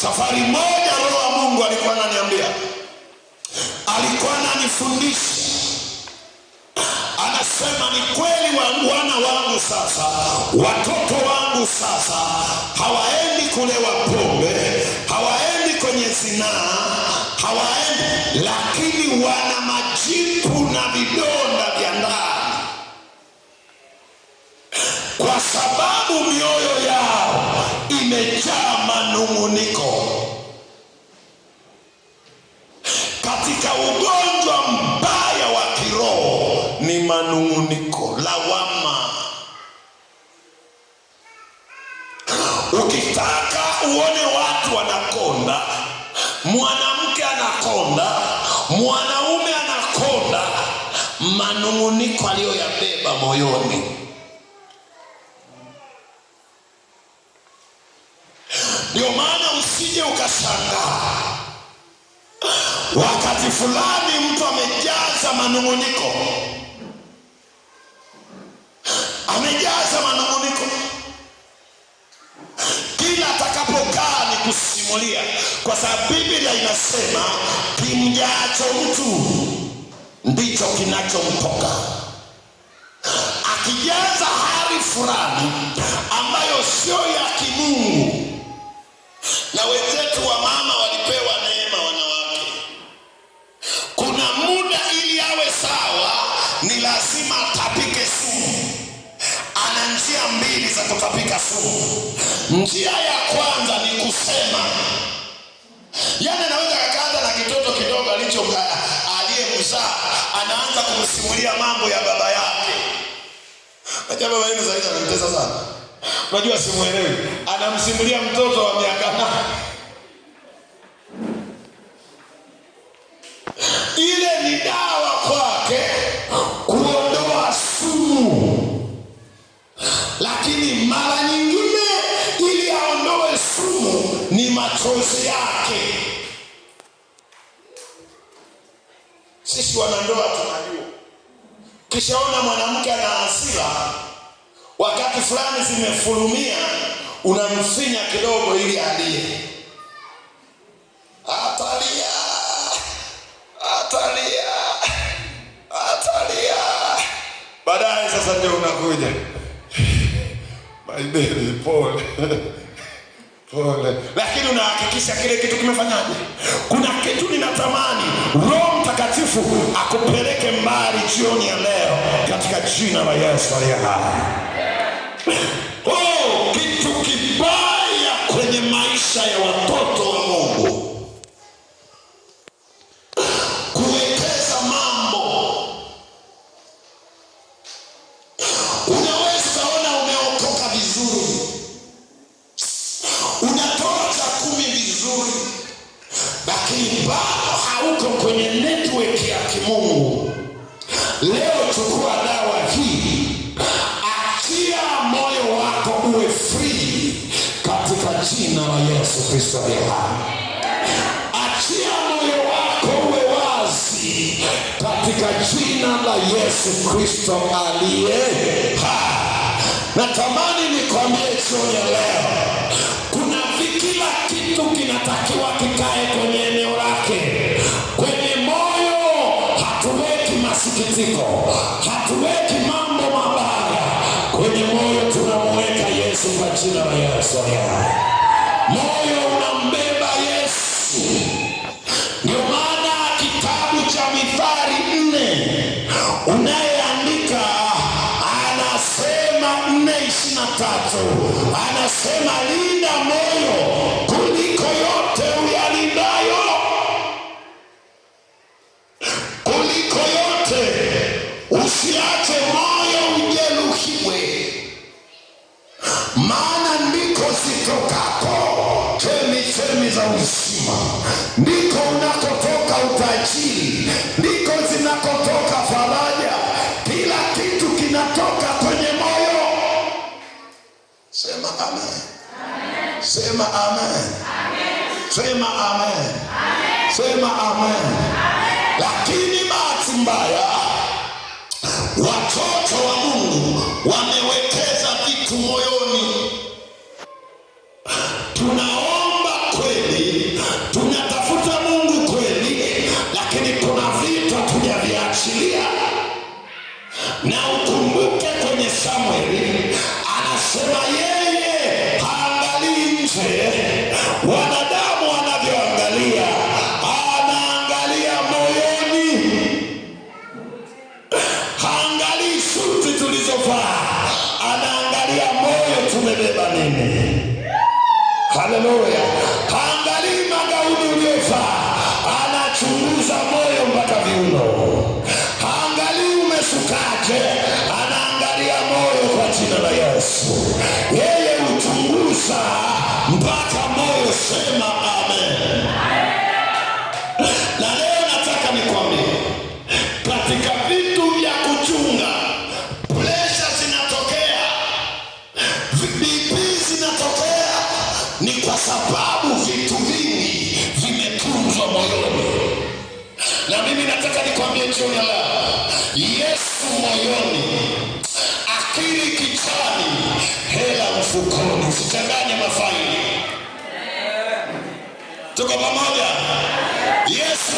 Safari moja roho wa Mungu alikuwa ananiambia, alikuwa ananifundisha, anasema ni kweli, wa wana wangu sasa, watoto wangu sasa hawaendi kulewa pombe, hawaendi kwenye zinaa, hawaendi lakini wana majipu na vidonda vya ndani, kwa sababu mioyo yao imeja manung'uniko, katika ugonjwa mbaya wa kiroho ni manung'uniko, lawama. Ukitaka uone watu wanakonda, mwanamke anakonda, mwanaume anakonda, manung'uniko aliyoyabeba moyoni kushangaa. wakati fulani mtu amejaza manung'uniko, amejaza manung'uniko, kila atakapokaa ni kusimulia, kwa sababu Biblia inasema kimjaacho mtu ndicho kinachomtoka. Akijaza hali fulani ambayo sio ya kimungu na wenzetu wa mama walipewa neema wanawake. Kuna muda ili awe sawa, ni lazima atapike sumu. Ana njia mbili za kutapika sumu. Njia ya kwanza ni kusema, yani anaweza kakaza na kitoto kidogo alicho aliyemzaa, anaanza kumsimulia mambo ya baba yake. Acha baba yenu zaidi anamtesa sana Unajua simuelewi, anamsimulia mtoto wa miaka Ile ni dawa kwake kuondoa sumu, lakini mara nyingine ili aondoe sumu ni machozi yake. Sisi wanandoa tunajua, kishaona mwanamke ana hasira wakati fulani zimefurumia, unamfinya kidogo ili alie, atalia atalia atalia, baadaye sasa ndio unakuja maideli pole pole, lakini unahakikisha kile kitu kimefanyaje. Kuna kitu ninatamani Roho Mtakatifu akupeleke mbali jioni ya leo katika jina la Yesu aliye hai. Oh, kitu kibaya kwenye maisha ya watoto wa Mungu kuwekeza mambo. Unaweza ona umeokoka vizuri, unatoa cha kumi vizuri, lakini bado hauko kwenye network ya kimungu. Leo chukua jina la Yesu Kristo aliye hai. Achia moyo wako uwe wazi katika jina la Yesu Kristo aliye hai. Natamani nikwambie jioni ya leo, kuna vikila kitu kinatakiwa kikae kwenye eneo lake. Kwenye moyo hatuweki masikitiko, hatuweki mambo mabaya kwenye moyo, tunamweka Yesu kwa jina la Yesu aliye hai. Sema amen, sema amen, sema amen. Lakini bahati mbaya watoto wa Mungu wamewekeza vitu moyoni, tuna nne. Haleluya! Haangalii magauni uliovaa, anachunguza moyo mpaka viuno. Haangalii umesukaje, anaangalia moyo kwa jina la Yesu. Yeye huchunguza mpaka moyo, sema Na mimi nataka nikwambie jioni ya leo, Yesu moyoni, akili kichwani, hela mfukoni. Usichanganye mafaili, tuko pamoja? Yesu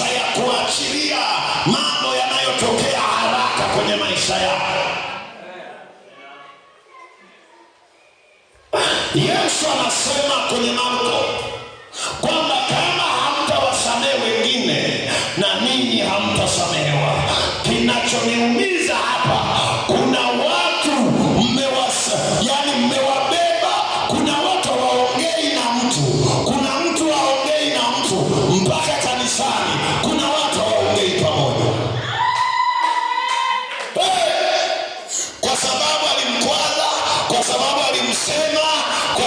fursa ya kuachilia mambo yanayotokea haraka kwenye maisha yako. Yesu anasema kwenye Marko kwamba kama hamtawasamehe wengine, na ninyi hamtasamehewa. Kinachoniumiza hapa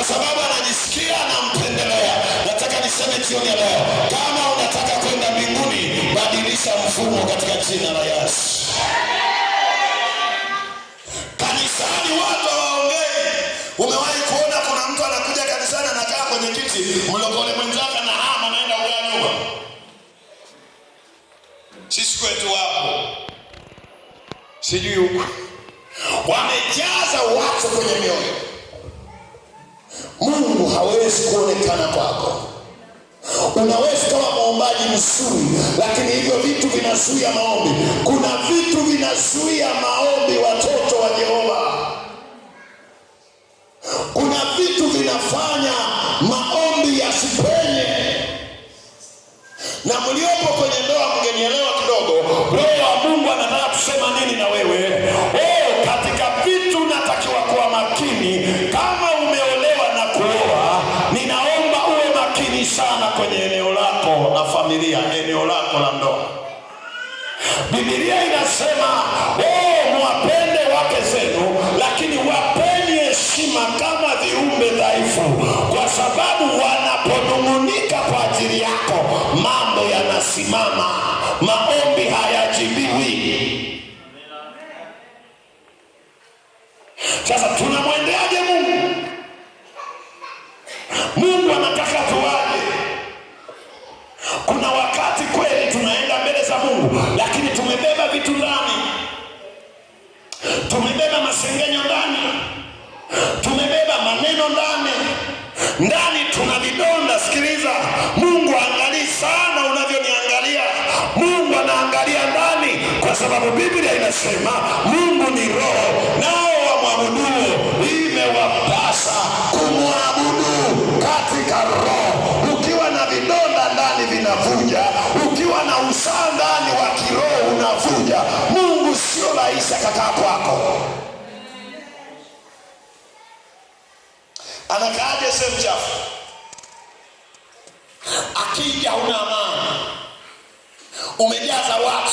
sababu anajisikia anampendelea. Nataka niseme jioni ya leo, kama unataka kwenda mbinguni, badilisha mfumo katika jina la Yesu. Kanisani watu hawaongei. Umewahi kuona kuna mtu anakuja kanisani anakaa kwenye kiti, mlokole mwenzake na hama anaenda ugaa nyuma? Sisi kwetu wapo, sijui huko wamejaza watu kwenye mioyo Mungu hawezi kuonekana kwako. Unaweza kama muombaji mzuri, lakini hivyo vitu vinazuia maombi. Kuna vitu vinazuia maombi. nyingi sana kwenye eneo lako la familia, eneo lako la ndoa. Biblia inasema oh, mwapende wake zenu, lakini wapeni heshima kama viumbe dhaifu, kwa sababu wanaponung'unika kwa ajili yako mambo yanasimama, maombi haya tumebeba masengenyo ndani, tumebeba maneno ndani. umejaza watu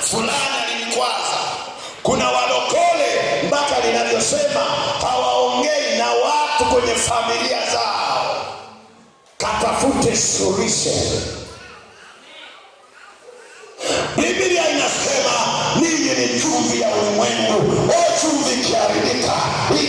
fulani alinikwaza. Kuna walokole mpaka linavyosema hawaongei na watu kwenye familia zao, katafute suluhisho. Biblia inasema ninyi ni chumvi ya ulimwengu, o chumvi ikiharibika